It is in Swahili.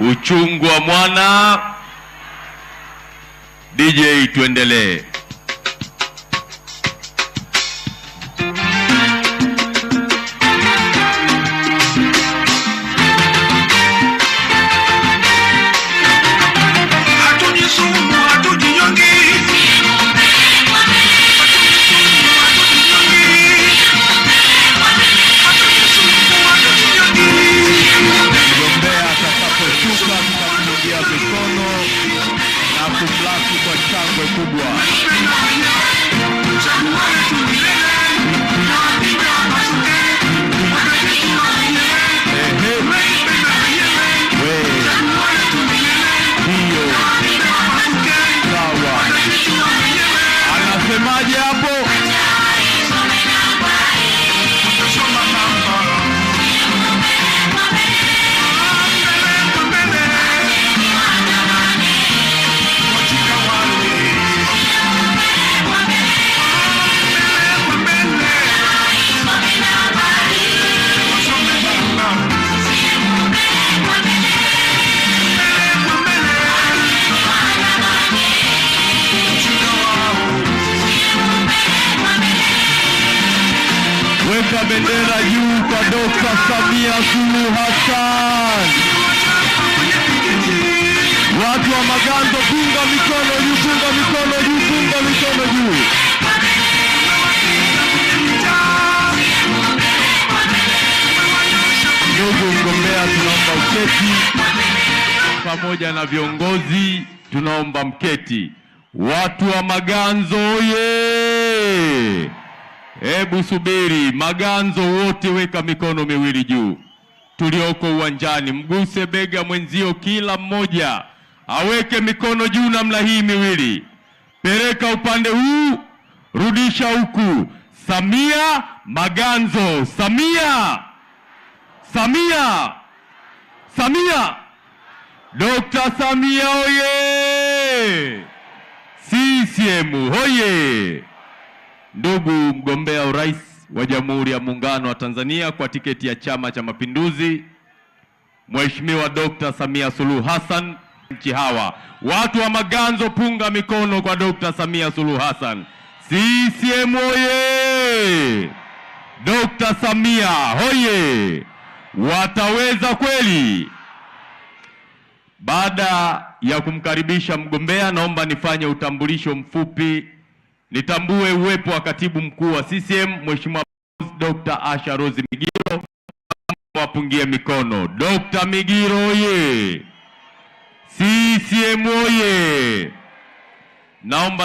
uchungu wa mwana DJ, tuendelee. Worldwide. kuinuka bendera juu kwa Dr. Samia Suluhu Hassan. Watu wa Maganzo, punga mikono juu, punga mikono juu, punga mikono juu. Ndugu mgombea, tunaomba uketi pamoja na viongozi, tunaomba mketi. Watu wa Maganzo oye! Hebu subiri. Maganzo wote weka mikono miwili juu, tulioko uwanjani mguse bega mwenzio, kila mmoja aweke mikono juu namna hii miwili, pereka upande huu, rudisha huku. Samia Maganzo, Samia, Samia, Samia, Dokta Samia oye! CCM hoye! Ndugu mgombea urais wa Jamhuri ya Muungano wa Tanzania kwa tiketi ya Chama cha Mapinduzi, Mheshimiwa Dr. Samia Suluhu Hassan. Nchi hawa watu wa Maganzo, punga mikono kwa Dr. Samia Suluhu Hassan. CCM oye! Dr. Samia hoye! Wataweza kweli. Baada ya kumkaribisha mgombea, naomba nifanye utambulisho mfupi Nitambue uwepo wa katibu mkuu wa CCM Mheshimiwa Dr. Asha Rose Migiro, wapungie mikono. Dr. Migiro oye! CCM oye! Naomba